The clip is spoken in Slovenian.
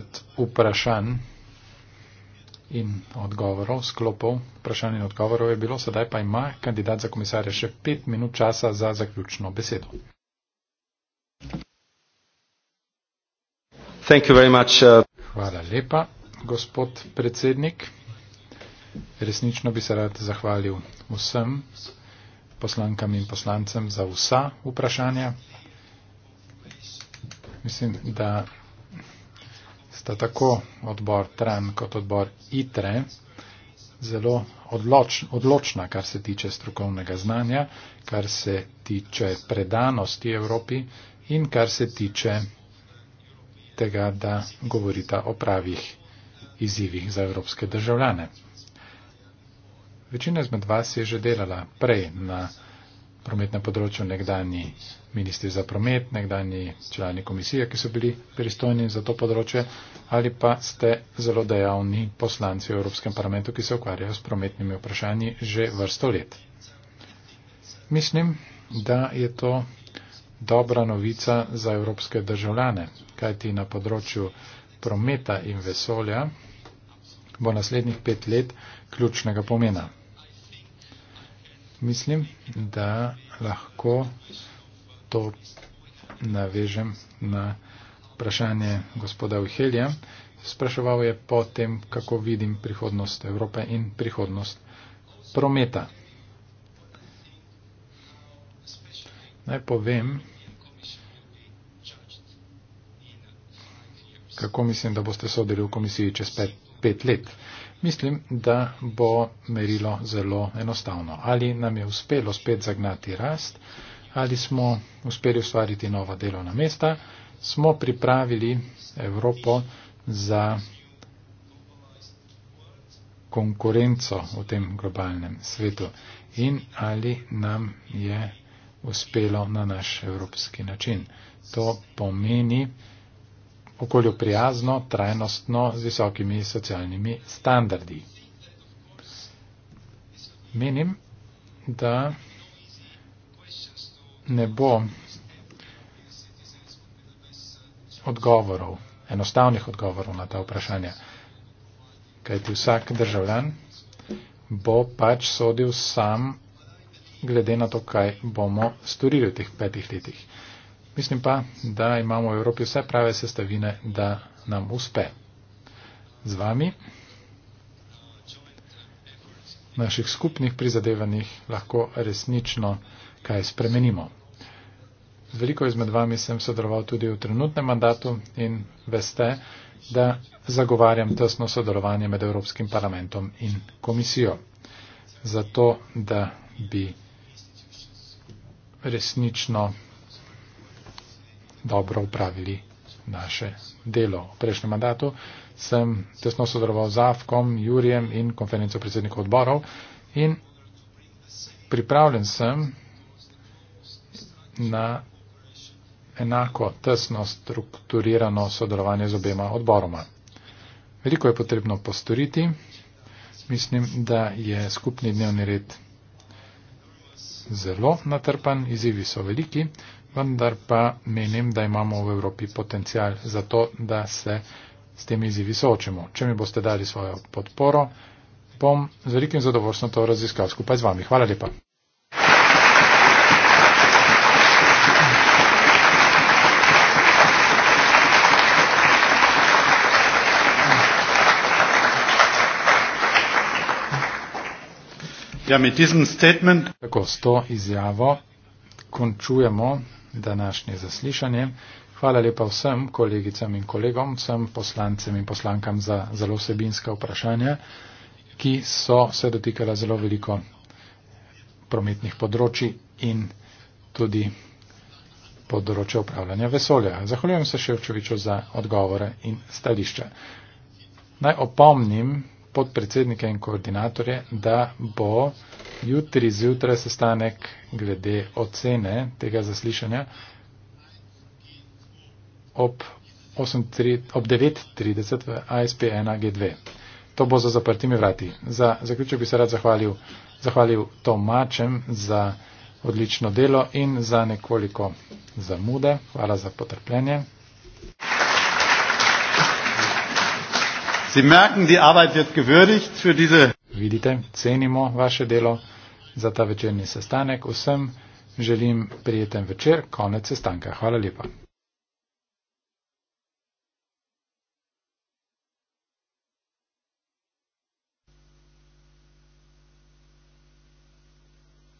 30 vprašanj in odgovorov, sklopov, vprašanj in odgovorov je bilo, sedaj pa ima kandidat za komisarja še pet minut časa za zaključno besedo. Thank you very much, uh... Hvala lepa, gospod predsednik. Resnično bi se rad zahvalil vsem poslankam in poslancem za vsa vprašanja. Mislim, da sta tako odbor Tran kot odbor ITRE zelo odloč, odločna, kar se tiče strokovnega znanja, kar se tiče predanosti Evropi in kar se tiče tega, da govorita o pravih izzivih za evropske državljane. Večina izmed vas je že delala prej na prometnem področju nekdani ministri za promet, nekdani člani komisije, ki so bili pristojni za to področje, ali pa ste zelo dejavni poslanci v Evropskem parlamentu, ki se ukvarjajo s prometnimi vprašanji že vrsto let. Mislim, da je to dobra novica za evropske državljane, kajti na področju prometa in vesolja bo naslednjih pet let ključnega pomena mislim, da lahko to navežem na vprašanje gospoda Uhelja. Spraševal je po tem, kako vidim prihodnost Evrope in prihodnost prometa. Naj povem, kako mislim, da boste sodeli v komisiji čez pet, pet let. Mislim, da bo merilo zelo enostavno. Ali nam je uspelo spet zagnati rast, ali smo uspeli ustvariti nova delovna mesta, smo pripravili Evropo za konkurenco v tem globalnem svetu in ali nam je uspelo na naš evropski način. To pomeni, okolju prijazno, trajnostno, z visokimi socialnimi standardi. Menim, da ne bo odgovorov, enostavnih odgovorov na ta vprašanja, kajti vsak državljan bo pač sodil sam glede na to, kaj bomo storili v teh petih letih. Mislim pa, da imamo v Evropi vse prave sestavine, da nam uspe. Z vami, naših skupnih prizadevanjih, lahko resnično kaj spremenimo. Veliko izmed vami sem sodeloval tudi v trenutnem mandatu in veste, da zagovarjam tesno sodelovanje med Evropskim parlamentom in komisijo. Zato, da bi resnično dobro upravili naše delo. V prejšnjem mandatu sem tesno sodeloval z AFKOM, Jurijem in konferenco predsednikov odborov in pripravljen sem na enako tesno strukturirano sodelovanje z obema odboroma. Veliko je potrebno postoriti. Mislim, da je skupni dnevni red zelo natrpan, izzivi so veliki, vendar pa menim, da imamo v Evropi potencial za to, da se s temi izzivi soočimo. Če mi boste dali svojo podporo, bom z velikim zadovoljstvom to raziskal skupaj z vami. Hvala lepa. Ja, mit diesem Statement. Tako, s to izjavo končujemo današnje zaslišanje. Hvala lepa vsem kolegicam in kolegom, vsem poslancem in poslankam za zelo sebinska vprašanja, ki so se dotikala zelo veliko prometnih področji in tudi področja upravljanja vesolja. Zahvaljujem se še včeviču za odgovore in stališča. Naj opomnim, podpredsednike in koordinatorje, da bo jutri zjutraj sestanek glede ocene tega zaslišanja ob, ob 9.30 v ISP1G2. To bo za zaprtimi vrati. Za zaključek bi se rad zahvalil, zahvalil Tomačem za odlično delo in za nekoliko zamude. Hvala za potrpljenje. Sie merken, die Arbeit wird gewürdigt für diese. Vidite, cenimo vaše delo za ta večerni sestanek. Vsem želim prijeten večer, konec sestanka. Hvala lepa.